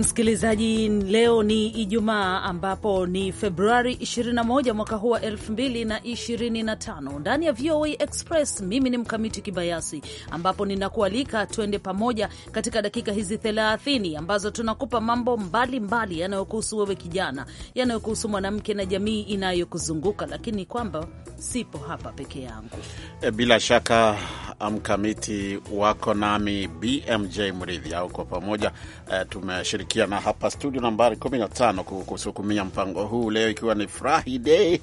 Msikilizaji, leo ni Ijumaa ambapo ni Februari 21 mwaka huu wa 2025. Ndani ya VOA Express, mimi ni Mkamiti Kibayasi, ambapo ninakualika tuende pamoja katika dakika hizi 30 ambazo tunakupa mambo mbalimbali yanayokuhusu wewe kijana, yanayokuhusu mwanamke na jamii inayokuzunguka, lakini kwamba sipo hapa peke yangu. E, bila shaka Mkamiti wako nami BMJ Mridhi, au pamoja eh, tumeshirikiana hapa studio nambari 15 kusukumia mpango huu leo, ikiwa ni Friday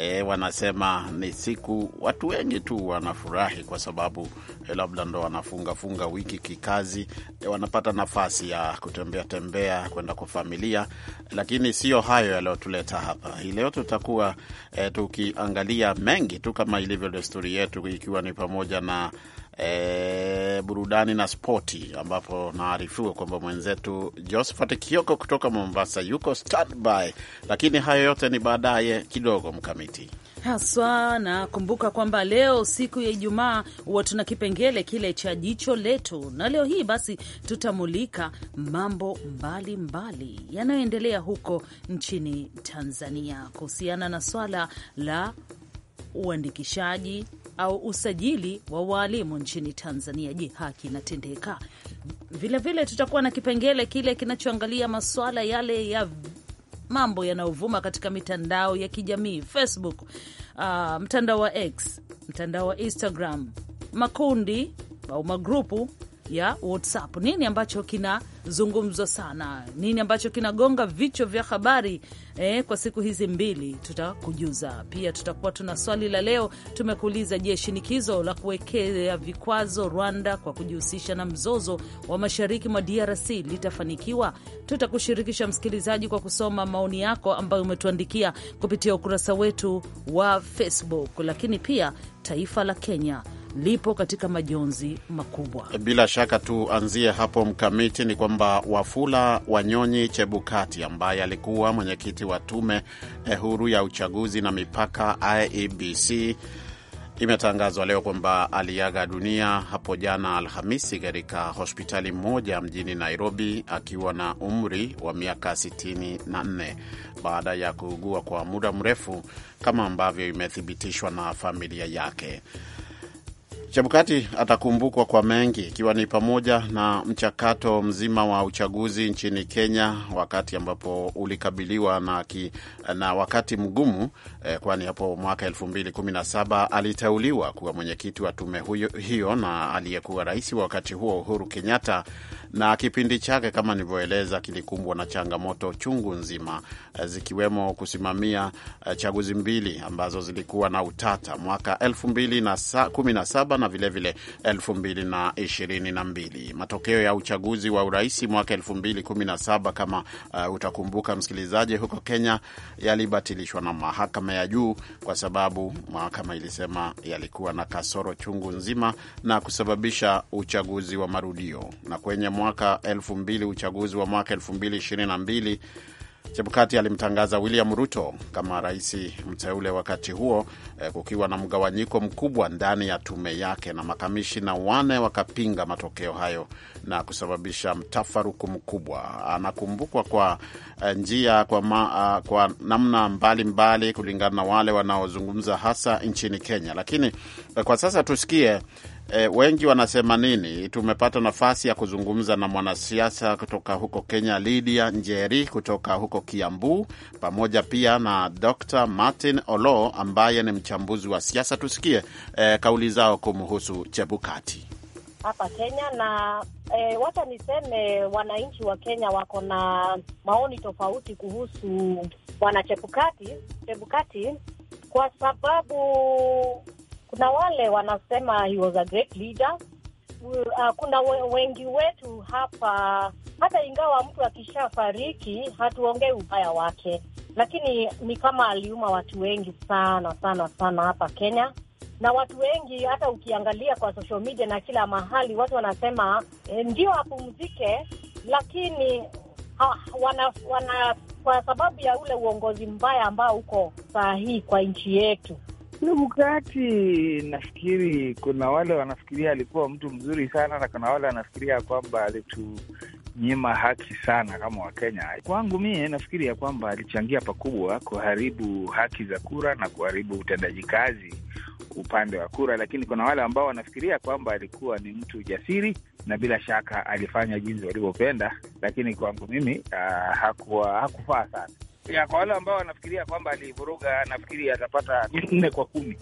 E, wanasema ni siku watu wengi tu wanafurahi kwa sababu e, labda ndo funga wiki kikazi e, wanapata nafasi ya kutembea tembea kwenda kwa familia, lakini sio hayo yaliyotuleta hapa hii leo. Tutakuwa e, tukiangalia mengi tu kama ilivyo desturi yetu, ikiwa ni pamoja na e, burudani na spoti, ambapo naarifiwa kwamba mwenzetu Josephat Kioko kutoka Mombasa yuko standby, lakini hayo yote ni baadaye kidogo mkamiti haswa na kumbuka kwamba leo siku ya Ijumaa huwa tuna kipengele kile cha jicho letu, na leo hii basi tutamulika mambo mbalimbali yanayoendelea huko nchini Tanzania kuhusiana na swala la uandikishaji au usajili wa waalimu nchini Tanzania. Je, haki inatendeka? Vilevile tutakuwa na kipengele kile kinachoangalia masuala yale ya mambo yanayovuma katika mitandao ya kijamii Facebook, uh, mtandao wa X, mtandao wa Instagram, makundi au magrupu ya WhatsApp. Nini ambacho kinazungumzwa sana? Nini ambacho kinagonga vichwa vya habari eh, kwa siku hizi mbili? Tutakujuza pia. Tutakuwa tuna swali la leo, tumekuuliza: je, shinikizo la kuwekea vikwazo Rwanda kwa kujihusisha na mzozo wa mashariki mwa DRC litafanikiwa? Tutakushirikisha msikilizaji kwa kusoma maoni yako ambayo umetuandikia kupitia ukurasa wetu wa Facebook. Lakini pia taifa la Kenya lipo katika majonzi makubwa. Bila shaka tuanzie hapo mkamiti, ni kwamba Wafula Wanyonyi Chebukati ambaye alikuwa mwenyekiti wa tume eh, huru ya uchaguzi na mipaka IEBC imetangazwa leo kwamba aliaga dunia hapo jana Alhamisi katika hospitali moja mjini Nairobi akiwa na umri wa miaka 64 baada ya kuugua kwa muda mrefu kama ambavyo imethibitishwa na familia yake. Chebukati atakumbukwa kwa mengi ikiwa ni pamoja na mchakato mzima wa uchaguzi nchini Kenya, wakati ambapo ulikabiliwa na, ki, na wakati mgumu eh, kwani hapo mwaka 2017 aliteuliwa kuwa mwenyekiti wa tume hiyo na aliyekuwa rais wa wakati huo Uhuru Kenyatta na kipindi chake kama nilivyoeleza kilikumbwa na changamoto chungu nzima, eh, zikiwemo kusimamia eh, chaguzi mbili ambazo zilikuwa na utata mwaka 217 na na na vilevile elfu na na Matokeo ya uchaguzi wa urais mwaka 217 kama uh, utakumbuka msikilizaji, huko Kenya yalibatilishwa na mahakama ya juu kwa sababu mahakama ilisema yalikuwa na kasoro chungu nzima na kusababisha uchaguzi wa marudio na kwenye mwaka elfu mbili uchaguzi wa mwaka elfu mbili ishirini na mbili Chebukati alimtangaza William Ruto kama rais mteule, wakati huo eh, kukiwa na mgawanyiko mkubwa ndani ya tume yake, na makamishina wane wakapinga matokeo hayo na kusababisha mtafaruku mkubwa. Anakumbukwa kwa eh, njia kwa, ma, ah, kwa namna mbalimbali mbali, kulingana na wale wanaozungumza hasa nchini Kenya. Lakini eh, kwa sasa tusikie E, wengi wanasema nini? Tumepata nafasi ya kuzungumza na mwanasiasa kutoka huko Kenya, Lydia Njeri kutoka huko Kiambu, pamoja pia na Dr. Martin Olo ambaye ni mchambuzi wa siasa. Tusikie e, kauli zao kumhusu Chebukati hapa Kenya na e, wacha niseme wananchi wa Kenya wako na maoni tofauti kuhusu bwana Chebukati Chebukati kwa sababu kuna wale wanasema he was a great leader. Uh, kuna we, wengi wetu hapa, hata ingawa mtu akishafariki hatuongei ubaya wake, lakini ni kama aliuma watu wengi sana sana sana hapa Kenya na watu wengi hata ukiangalia kwa social media na kila mahali, watu wanasema eh, ndio apumzike, lakini ha, wana, wana, kwa sababu ya ule uongozi mbaya ambao uko saa hii kwa nchi yetu, kila nafikiri kuna wale wanafikiria alikuwa mtu mzuri sana, na kuna wale wanafikiria kwamba alitunyima haki sana kama Wakenya. Kwangu mie nafikiri ya kwamba alichangia pakubwa kuharibu haki za kura na kuharibu utendaji kazi upande wa kura, lakini kuna wale ambao wanafikiria kwamba alikuwa ni mtu jasiri na bila shaka alifanya jinsi walivyopenda, lakini kwangu mimi uh, hakuwa hakufaa sana ya kwa wale ambao wanafikiria kwamba alivuruga, nafikiri atapata nne kwa kumi.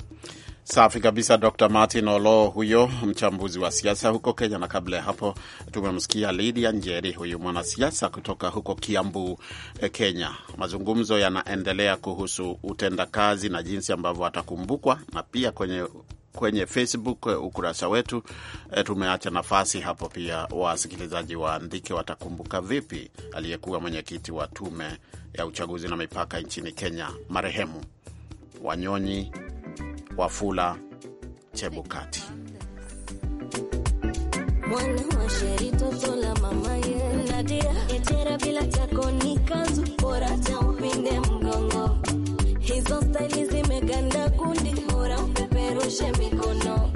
Safi kabisa, Dr Martin Olo huyo mchambuzi wa siasa huko Kenya. Na kabla ya hapo tumemsikia Lidia Njeri, huyu mwanasiasa kutoka huko Kiambu, eh, Kenya. Mazungumzo yanaendelea kuhusu utendakazi na jinsi ambavyo atakumbukwa na pia kwenye kwenye Facebook eh, ukurasa wetu. E, tumeacha nafasi hapo pia wasikilizaji waandike watakumbuka vipi aliyekuwa mwenyekiti wa tume ya uchaguzi na mipaka nchini Kenya, marehemu Wanyonyi Wafula Chebukati. nyooshe mikono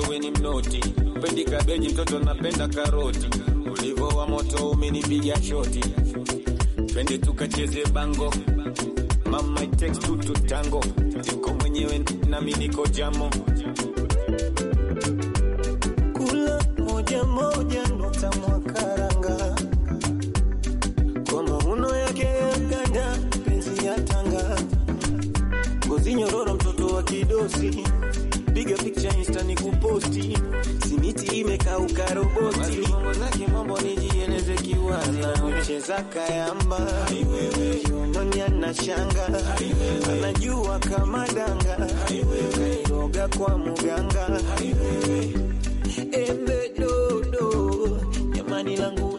weni mnoti, pendi kabeji, mtoto napenda karoti, ulivo wa moto umenipiga shoti, twende tukacheze bango, mama it takes two to tango, niko mwenyewe nami niko jamo, kula moja moja nota mwakaranga kwa mauno yake ya ganda, penzi ya tanga, ngozi nyororo, mtoto wa kidosi anasaka yamba Joni anashanga anajua kama danga kairoga kwa muganga emedodo jamani langu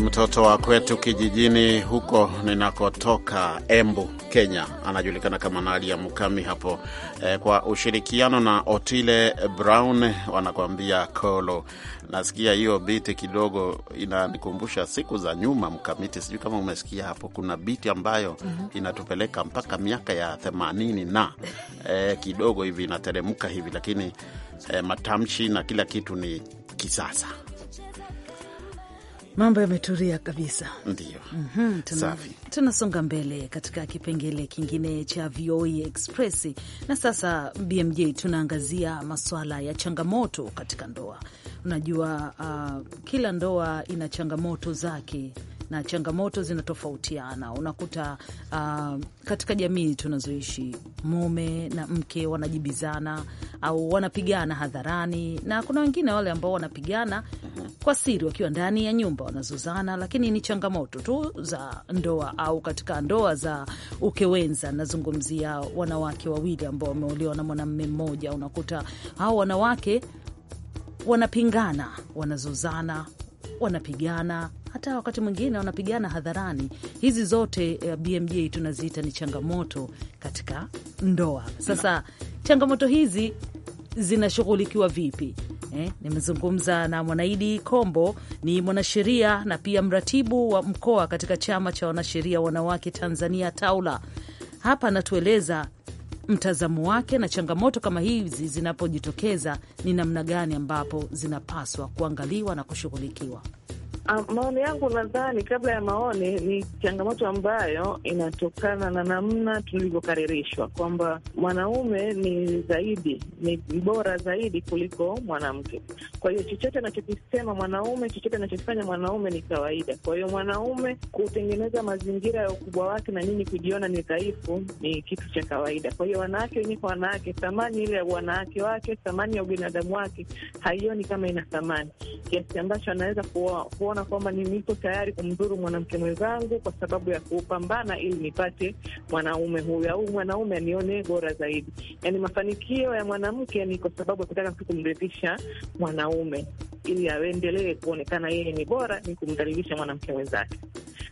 mtoto wa kwetu kijijini huko ninakotoka Embu, Kenya. Anajulikana kama Nadia Mukami hapo eh, kwa ushirikiano na Otile Brown wanakuambia Kolo. Nasikia hiyo biti kidogo inanikumbusha siku za nyuma, Mkamiti, sijui kama umesikia hapo. Kuna biti ambayo mm -hmm. inatupeleka mpaka miaka ya themanini na eh, kidogo hivi inateremka hivi, lakini eh, matamshi na kila kitu ni kisasa mambo yametulia kabisa, ndio. mm -hmm, tuna, tunasonga mbele katika kipengele kingine cha VOA e Express na sasa, BMJ, tunaangazia maswala ya changamoto katika ndoa. Unajua uh, kila ndoa ina changamoto zake na changamoto zinatofautiana. Unakuta uh, katika jamii tunazoishi mume na mke wanajibizana au wanapigana hadharani, na kuna wengine wale ambao wanapigana kwa siri wakiwa ndani ya nyumba wanazozana, lakini ni changamoto tu za ndoa au katika ndoa za ukewenza. Nazungumzia wanawake wawili ambao wameolewa na mwanamume mmoja, unakuta hao wanawake wanapingana, wanazozana wanapigana hata wakati mwingine wanapigana hadharani. Hizi zote eh, BMJ tunaziita ni changamoto katika ndoa. Sasa changamoto hizi zinashughulikiwa vipi? Eh, nimezungumza na Mwanaidi Kombo, ni mwanasheria na pia mratibu wa mkoa katika chama cha wanasheria wanawake Tanzania taula Hapa anatueleza mtazamo wake na changamoto kama hizi zinapojitokeza ni namna gani ambapo zinapaswa kuangaliwa na kushughulikiwa. Ah, maoni yangu nadhani, kabla ya maoni, ni changamoto ambayo inatokana na namna tulivyokaririshwa kwamba mwanaume ni zaidi, ni bora zaidi kuliko mwanamke. Kwa hiyo chochote anachokisema mwanaume, chochote anachokifanya mwanaume ni kawaida. Kwa hiyo mwanaume kutengeneza mazingira ya ukubwa wake na nini, kujiona ni dhaifu ni kitu cha kawaida. Kwa hiyo wanawake wenyewe kwa wanawake, thamani ile ya wanawake wake, thamani ya ubinadamu wake haioni kama ina thamani kiasi ambacho anaweza kuwa kuona kwamba niko tayari kumdhuru mwanamke mwenzangu kwa sababu ya kupambana ili nipate mwanaume huyu au mwanaume anione bora zaidi. Yani mafanikio ya mwanamke ni kwa sababu ya kutaka tu kumridhisha mwanaume, ili aendelee kuonekana yeye ni bora, ni kumdhalilisha mwanamke mwenzake.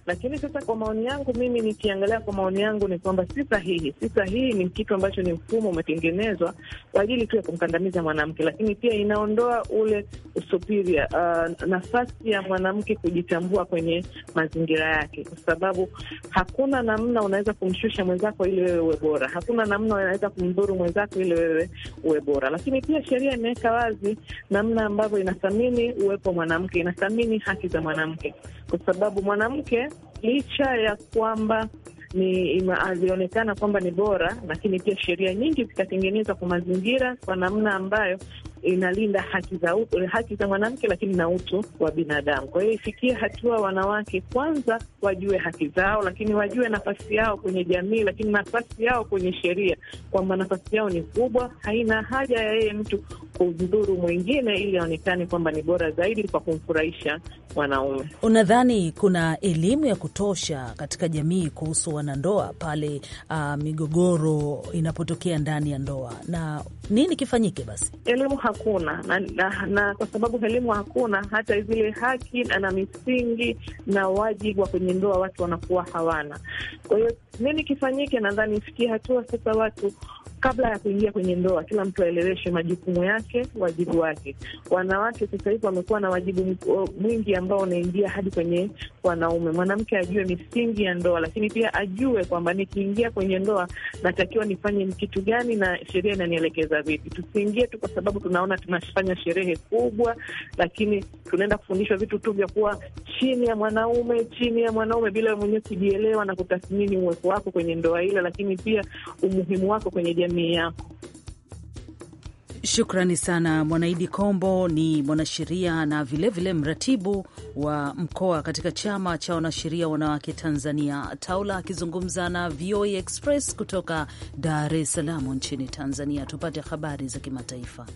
Lakini sasa kwa maoni yangu mimi, nikiangalia kwa maoni yangu ni kwamba si sahihi. Si sahihi ni kitu ambacho ni mfumo umetengenezwa kwa ajili tu ya kumkandamiza mwanamke, lakini pia inaondoa ule usupiria, uh, nafasi ya mwanamke kujitambua kwenye mazingira yake, kwa sababu hakuna namna unaweza kumshusha mwenzako ili wewe uwe bora. Hakuna namna unaweza kumdhuru mwenzako ili wewe uwe bora. Lakini pia sheria imeweka wazi namna ambavyo inathamini uwepo mwanamke, inathamini haki za mwanamke kwa sababu mwanamke licha ya kwamba ni alionekana kwamba ni bora, lakini pia sheria nyingi zikatengenezwa kwa mazingira kwa namna ambayo inalinda haki za haki za mwanamke, lakini na utu wa binadamu. Kwa hiyo ifikie hatua wanawake kwanza wajue haki zao, lakini wajue nafasi yao kwenye jamii, lakini nafasi yao kwenye sheria, kwamba nafasi yao ni kubwa. Haina haja ya yeye mtu kumdhuru mwingine ili aonekane kwamba ni bora zaidi kwa kumfurahisha wanaume. Unadhani kuna elimu ya kutosha katika jamii kuhusu wanandoa pale, uh, migogoro inapotokea ndani ya ndoa na nini kifanyike? Basi elimu hakuna na, na, na kwa sababu elimu hakuna, hata zile haki na misingi na wajibu wa kwenye ndoa watu wanakuwa hawana. Kwa hiyo nini kifanyike? Nadhani ifikie hatua sasa watu kabla ya kuingia kwenye ndoa, kila mtu aeleweshe majukumu yake, wajibu wake. Wanawake sasa hivi wamekuwa na wajibu mwingi ambao unaingia hadi kwenye wanaume. Mwanamke ajue misingi ya ndoa, lakini pia ajue kwamba nikiingia kwenye ndoa natakiwa nifanye kitu gani na sheria inanielekeza vipi. Tusiingie tu kwa sababu tunaona tunafanya sherehe kubwa, lakini tunaenda kufundishwa vitu tu vya kuwa chini ya mwanaume, chini ya mwanaume, bila mwenyewe kujielewa na kutathmini uwepo wako kwenye ndoa ile, lakini pia umuhimu wako kwenye jamii jamii yako. Shukrani sana Mwanaidi Kombo, ni mwanasheria na vilevile vile mratibu wa mkoa katika chama cha wanasheria wanawake Tanzania Taula, akizungumza na VOA Express kutoka Dar es Salaam nchini Tanzania. Tupate habari za kimataifa.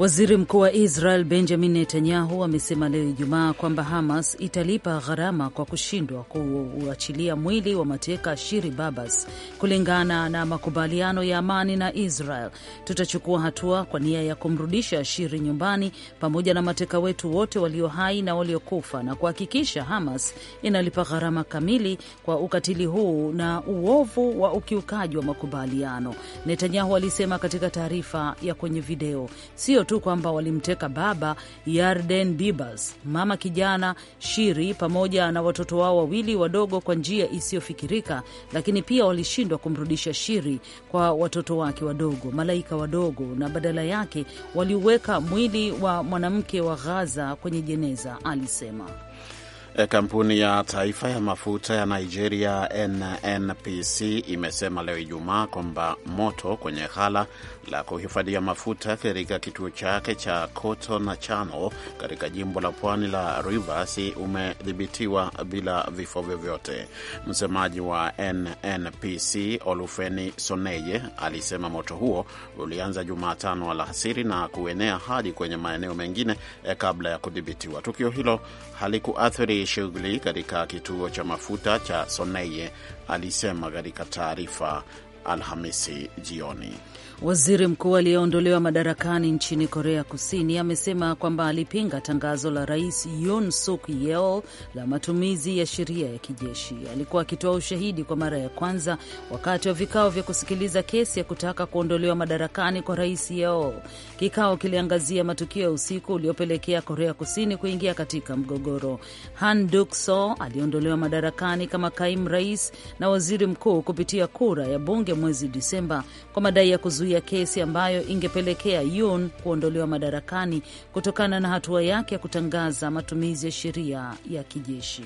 Waziri Mkuu wa Israel Benjamin Netanyahu amesema leo Ijumaa kwamba Hamas italipa gharama kwa kushindwa kuachilia mwili wa mateka Shiri Babas kulingana na makubaliano ya amani na Israel. Tutachukua hatua kwa nia ya kumrudisha Shiri nyumbani pamoja na mateka wetu wote walio hai na waliokufa na kuhakikisha Hamas inalipa gharama kamili kwa ukatili huu na uovu wa ukiukaji wa makubaliano, Netanyahu alisema katika taarifa ya kwenye video. Sio tu kwamba walimteka baba Yarden Bibas, mama kijana Shiri pamoja na watoto wao wawili wadogo kwa njia isiyofikirika, lakini pia walishindwa kumrudisha Shiri kwa watoto wake wadogo, malaika wadogo, na badala yake waliuweka mwili wa mwanamke wa ghaza kwenye jeneza, alisema. E, kampuni ya taifa ya mafuta ya Nigeria NNPC imesema leo Ijumaa kwamba moto kwenye ghala la kuhifadhia mafuta katika kituo chake cha koto na chano katika jimbo la pwani la Rivers umedhibitiwa bila vifo vyovyote. Msemaji wa NNPC Olufeni Soneye alisema moto huo ulianza Jumatano alasiri na kuenea hadi kwenye maeneo mengine eh, kabla ya kudhibitiwa. Tukio hilo halikuathiri shughuli katika kituo cha mafuta cha Soneye, alisema katika taarifa Alhamisi jioni. Waziri mkuu aliyeondolewa madarakani nchini Korea Kusini amesema kwamba alipinga tangazo la rais Yoon Suk Yeol la matumizi ya sheria ya kijeshi. Alikuwa akitoa ushahidi kwa mara ya kwanza wakati wa vikao vya kusikiliza kesi ya kutaka kuondolewa madarakani kwa rais Yeol. Kikao kiliangazia matukio ya usiku uliopelekea Korea Kusini kuingia katika mgogoro. Han dukso soo aliondolewa madarakani kama kaimu rais na waziri mkuu kupitia kura ya bunge mwezi Disemba kwa madai ya kuzuia ya kesi ambayo ingepelekea Yoon kuondolewa madarakani kutokana na hatua yake ya kutangaza matumizi ya sheria ya kijeshi.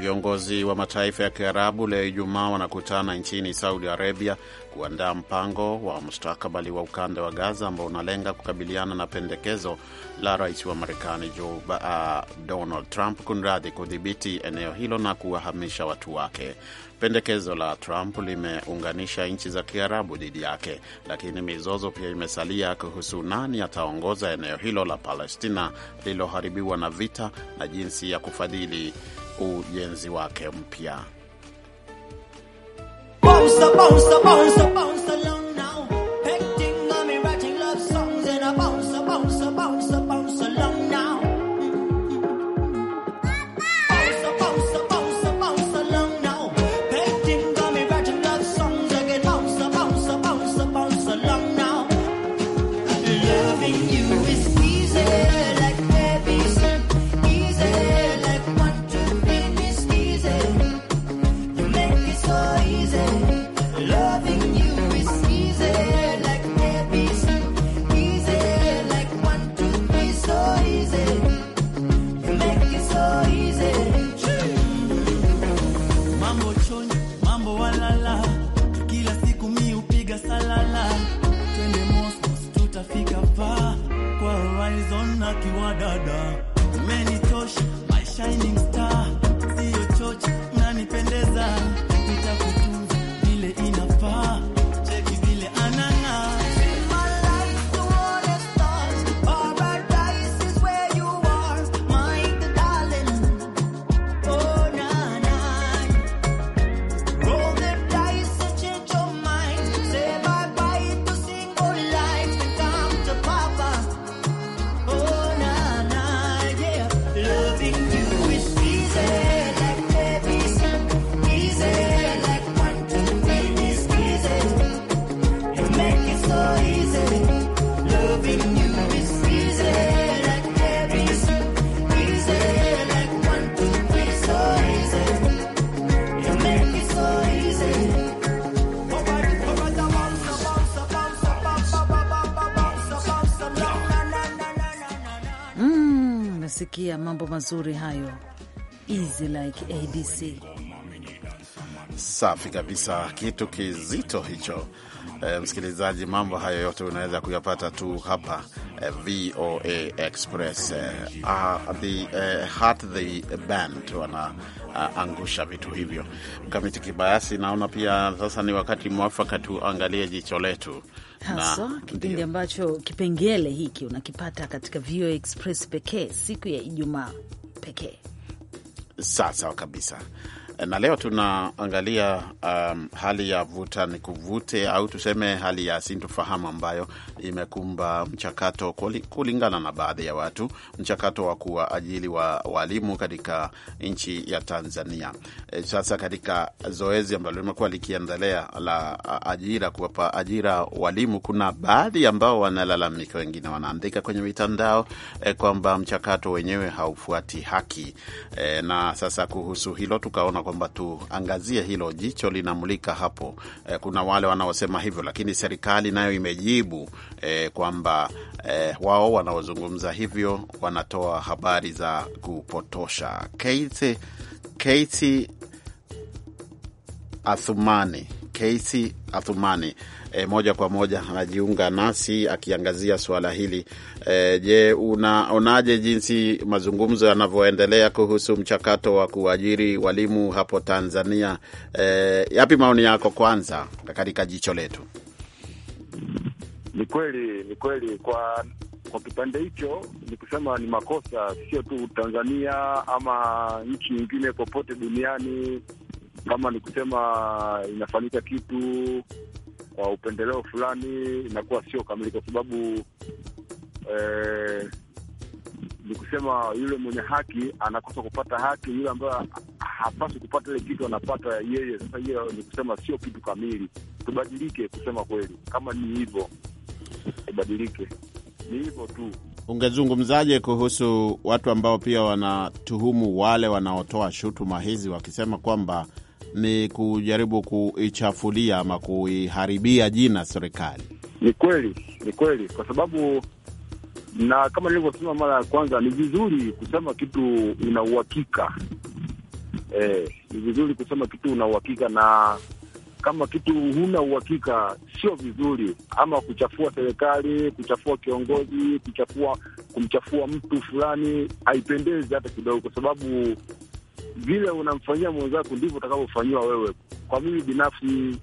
Viongozi wa mataifa ya Kiarabu leo Ijumaa wanakutana nchini Saudi Arabia kuandaa mpango wa mustakabali wa ukanda wa Gaza ambao unalenga kukabiliana na pendekezo la rais wa Marekani Joe uh, Donald Trump kunradhi, kudhibiti eneo hilo na kuwahamisha watu wake. Pendekezo la Trump limeunganisha nchi za Kiarabu dhidi yake, lakini mizozo pia imesalia kuhusu nani ataongoza eneo hilo la Palestina lililoharibiwa na vita na jinsi ya kufadhili ujenzi wake mpya. walala, kila siku mi upiga salala, twende Moscow tutafika pa kwa Horizon na kiwadada, umenitosha my shining star kusikia mambo mazuri hayo. Easy like ABC. Safi kabisa, kitu kizito hicho. E, msikilizaji, mambo hayo yote unaweza kuyapata tu hapa e, eh, VOA Express. Eh, ah, heart the Band wanaangusha vitu hivyo. Mkamiti Kibayasi, naona pia sasa ni wakati mwafaka tuangalie jicho letu haswa kipindi ambacho kipengele hiki unakipata katika VOA Express pekee siku ya Ijumaa pekee. Sawa sawa kabisa na leo tunaangalia um, hali ya vuta ni kuvute au tuseme hali ya sintofahamu ambayo imekumba mchakato kulingana na baadhi ya watu, mchakato wa kuwaajili wa walimu katika nchi ya Tanzania. E, sasa katika zoezi ambalo limekuwa likiendelea la ajira, kuwapa ajira walimu, kuna baadhi ambao wanalalamika, wengine wanaandika kwenye mitandao e, kwamba mchakato wenyewe haufuati haki e, na sasa kuhusu hilo tukaona kwamba tuangazie hilo, jicho linamulika hapo. E, kuna wale wanaosema hivyo, lakini serikali nayo imejibu e, kwamba e, wao wanaozungumza hivyo wanatoa habari za kupotosha. Keiti, Keiti Athumani, Keiti Athumani e, moja kwa moja anajiunga nasi akiangazia suala hili e. Je, unaonaje jinsi mazungumzo yanavyoendelea kuhusu mchakato wa kuajiri walimu hapo Tanzania? E, yapi maoni yako kwanza katika jicho letu? Ni kweli, ni kweli kwa kwa kipande hicho ni kusema ni makosa, sio tu Tanzania ama nchi nyingine popote duniani. Kama ni kusema inafanyika kitu kwa upendeleo fulani inakuwa sio kamili, kwa sababu eh, ni kusema yule mwenye haki anakosa kupata haki, yule ambayo hapaswi kupata ile kitu anapata yeye. Sasa hiyo ni kusema sio kitu kamili. Tubadilike, kusema kweli, kama ni hivyo tubadilike. Ni hivyo tu. Ungezungumzaje kuhusu watu ambao pia wanatuhumu wale wanaotoa shutuma hizi wakisema kwamba ni kujaribu kuichafulia ama kuiharibia jina serikali. Ni kweli, ni kweli, kwa sababu na kama nilivyosema mara ya kwanza, ni vizuri kusema kitu una uhakika eh, ni vizuri kusema kitu una uhakika, na kama kitu huna uhakika sio vizuri, ama kuchafua serikali, kuchafua kiongozi, kuchafua kumchafua mtu fulani haipendezi hata kidogo, kwa sababu vile unamfanyia mwenzako ndivyo utakavyofanyiwa wewe. Kwa mimi binafsi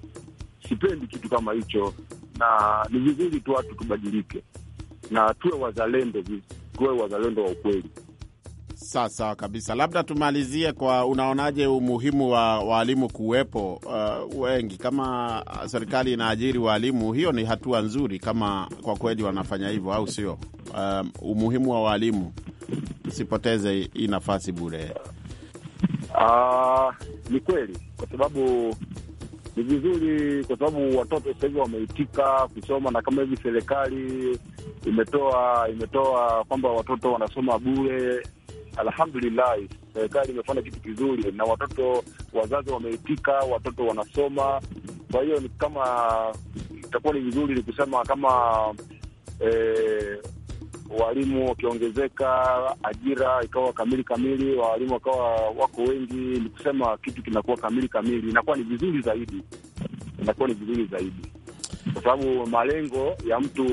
sipendi kitu kama hicho, na ni vizuri tu watu tubadilike na tuwe wazalendo, tuwe wazalendo wa ukweli. Sawa sawa kabisa. Labda tumalizie kwa, unaonaje umuhimu wa waalimu kuwepo uh, wengi? Kama serikali inaajiri waalimu, hiyo ni hatua nzuri kama kwa kweli wanafanya hivyo, au sio? Um, umuhimu wa waalimu, sipoteze hii nafasi bure. Ah, ni kweli kwa sababu ni vizuri kwa sababu watoto sasa hivi wameitika kusoma, na kama hivi serikali imetoa imetoa kwamba watoto wanasoma bure. Alhamdulillah, serikali imefanya kitu kizuri, na watoto wazazi wameitika, watoto wanasoma. Kwa hiyo ni kama itakuwa ni vizuri ni kusema kama eh, walimu wakiongezeka, ajira ikawa kamili kamili, walimu wakawa wako wengi, ni kusema kitu kinakuwa kamili kamili, inakuwa ni vizuri zaidi, inakuwa ni vizuri zaidi, kwa sababu malengo ya mtu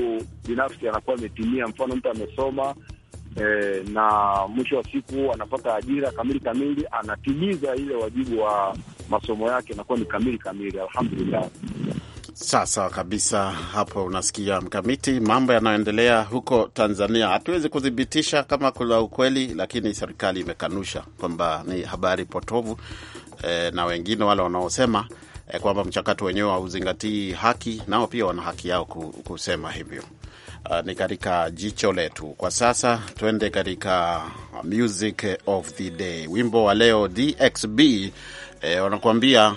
binafsi anakuwa ametimia. Mfano, mtu amesoma eh, na mwisho wa siku anapata ajira kamili kamili, anatimiza ile wajibu wa masomo yake, inakuwa ni kamili kamili. Alhamdulillah. Sasa kabisa hapo unasikia mkamiti mambo yanayoendelea huko Tanzania. Hatuwezi kuthibitisha kama kuna ukweli, lakini serikali imekanusha kwamba ni habari potovu e, na wengine wale wanaosema e, kwamba mchakato wenyewe hauzingatii haki, nao pia wana haki yao kusema hivyo. Uh, ni katika jicho letu kwa sasa. Twende katika music of the day, wimbo wa leo DXB, e, eh, wanakuambia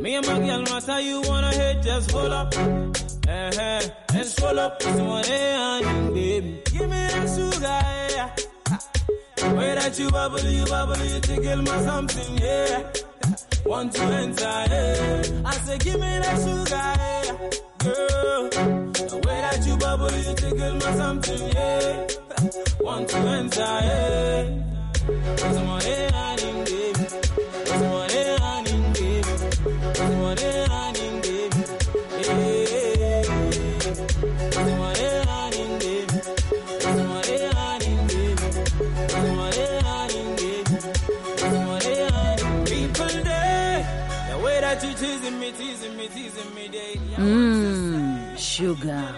Me and my girl, my say you wanna hit, just hold up. Uh-huh. Eh, and eh. roll up with one hand, baby. Give me that sugar, yeah. Way that you bubble, you bubble, you tickle my something, yeah. Want to enter, yeah. I say, give me that sugar, yeah girl. The way that you bubble, you tickle my something, yeah. Want to enter, yeah. Cause I'm on a Mm, Sugar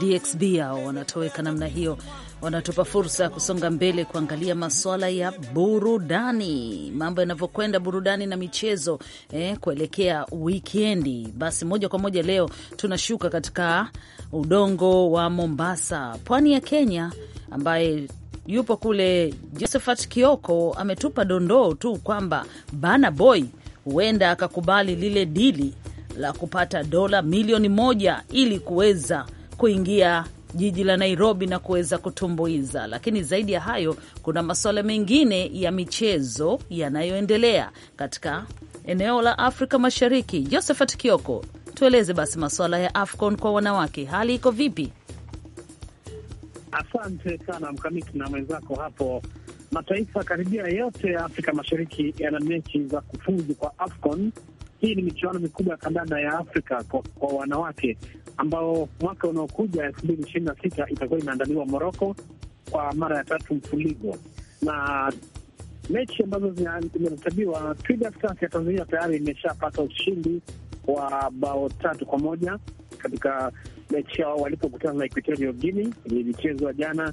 DXB hao wanatoweka namna hiyo, wanatupa fursa ya kusonga mbele kuangalia masuala ya burudani, mambo yanavyokwenda burudani na michezo eh, kuelekea wikendi. Basi moja kwa moja leo tunashuka katika udongo wa Mombasa, pwani ya Kenya, ambaye yupo kule Josephat Kioko ametupa dondoo tu kwamba Bana Boy huenda akakubali lile dili la kupata dola milioni moja ili kuweza kuingia jiji la Nairobi na kuweza kutumbuiza. Lakini zaidi ya hayo, kuna masuala mengine ya michezo yanayoendelea katika eneo la Afrika Mashariki. Josephat Kioko, tueleze basi masuala ya AFCON kwa wanawake, hali iko vipi? Asante sana Mkamiti na mwenzako hapo mataifa karibia yote ya Afrika Mashariki yana mechi za kufuzu kwa AFCON. Hii ni michuano mikubwa ya kandanda ya Afrika kwa, kwa wanawake ambao mwaka unaokuja elfu mbili ishirini na sita itakuwa imeandaliwa Moroko kwa mara ya tatu mfulizo, na mechi ambazo zimeratibiwa, Twiga Stars ya Tanzania tayari imeshapata ushindi wa bao tatu kwa moja katika mechi yao walipokutana na Equatorial Guinea iliyochezwa jana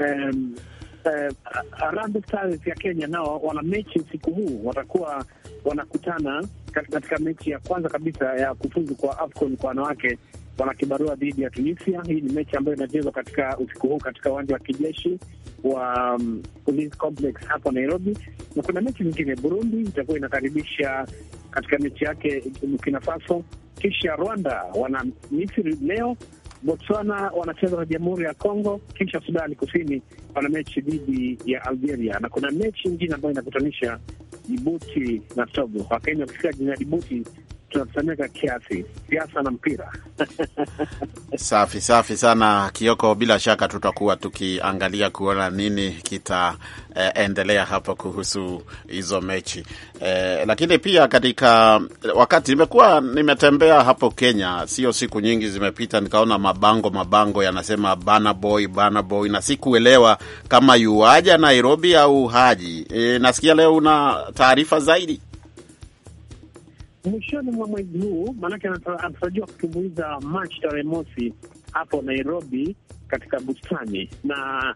um, eh, Harambee Stars ya Kenya nao wana mechi usiku huu, watakuwa wanakutana katika mechi ya kwanza kabisa ya kufuzu kwa AFCON kwa wanawake. Wana kibarua dhidi ya Tunisia. Hii ni mechi ambayo inachezwa katika usiku huu katika uwanja wa kijeshi wa um, Police Complex hapo Nairobi, na kuna mechi nyingine. Burundi itakuwa inakaribisha katika mechi yake Burkina Faso, kisha Rwanda wana Misri leo Botswana wanacheza na Jamhuri ya Kongo, kisha Sudani Kusini wana mechi dhidi ya Algeria, na kuna mechi nyingine ambayo inakutanisha Jibuti na Togo. Wakenya wakifika jina Jibuti tunasemeka kiasi siasa na mpira safi safi sana Kioko, bila shaka tutakuwa tukiangalia kuona nini kitaendelea eh, hapo kuhusu hizo mechi eh, lakini pia katika eh, wakati nimekuwa nimetembea hapo Kenya, sio siku nyingi zimepita, nikaona mabango mabango yanasema bana boy bana boy, na sikuelewa kama yuaja Nairobi au haji. Eh, nasikia leo una taarifa zaidi mwishoni mwa mwezi huu, maanake anatarajiwa kutumbuiza Machi tarehe mosi hapo Nairobi katika bustani na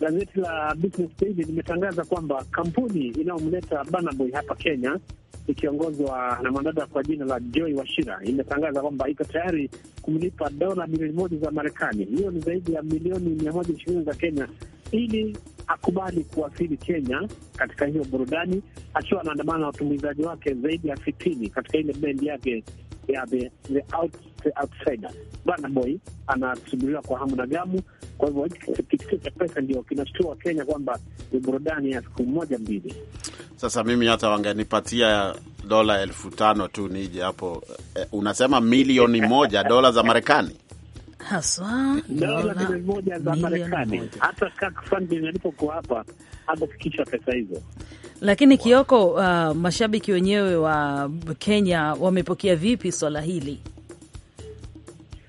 gazeti la Business Daily limetangaza kwamba kampuni inayomleta banaboy hapa Kenya ikiongozwa na mwanadada kwa jina la Joy Washira imetangaza kwamba iko tayari kumlipa dola milioni moja za Marekani, hiyo ni zaidi ya milioni mia moja ishirini za Kenya, ili akubali kuwasili Kenya katika hiyo burudani, akiwa anaandamana na watumbuizaji wake zaidi ya sitini katika ile bendi yake ya the, the, out, the Outsider. Boy anasubiriwa kwa hamu na gamu. Kwa hivyo kitikio cha pesa ndio kinashtua Kenya kwamba ni burudani ya siku moja mbili. Sasa mimi hata wangenipatia dola elfu tano tu nije hapo. Eh, unasema milioni moja dola za Marekani? haswa dola milioni moja za Marekani. Hata crowdfunding alipokuwa hapa hakufikisha pesa hizo. Lakini Kioko, uh, mashabiki wenyewe wa Kenya wamepokea vipi swala hili?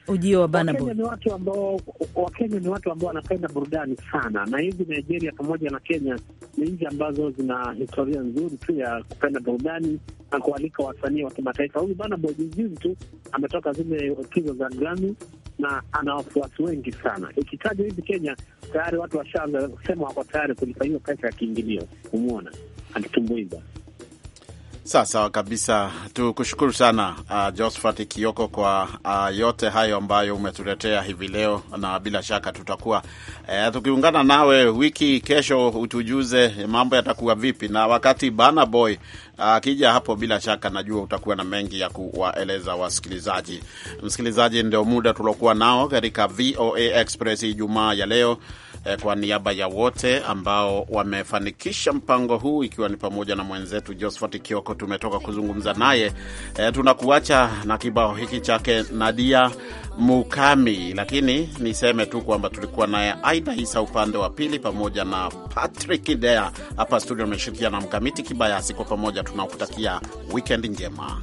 Ujio wa Burna Wakenya ni watu ambao Wakenya ni watu ambao wanapenda burudani sana, na hizi Nigeria pamoja na Kenya ni nchi ambazo zina historia nzuri tu ya kupenda burudani na kualika wasanii wa kimataifa. Huyu Burna juzijuzi tu ametoka zile tuzo za Grammy na ana wafuasi wengi sana. Ikitajwa hivi Kenya tayari watu washaanza kusema wako tayari hiyo pesa ya kiingilio, umwona akitumbuiza Sawa sawa kabisa, tukushukuru sana uh, Josphat Kioko kwa uh, yote hayo ambayo umetuletea hivi leo, na bila shaka tutakuwa uh, tukiungana nawe wiki kesho, utujuze mambo yatakuwa vipi, na wakati Bana Boy uh, akija uh, hapo, bila shaka najua utakuwa na mengi ya kuwaeleza wasikilizaji. Msikilizaji, ndio muda tuliokuwa nao katika VOA Express Ijumaa ya leo. Eh, kwa niaba ya wote ambao wamefanikisha mpango huu, ikiwa ni pamoja na mwenzetu Josephat Kioko, tumetoka kuzungumza naye. eh, tunakuacha na kibao hiki chake Nadia Mukami, lakini niseme tu kwamba tulikuwa naye Aida Isa upande wa pili pamoja na Patrick Dea hapa studio, ameshirikiana na Mkamiti Kibayasi. Kwa pamoja tunakutakia wikendi njema.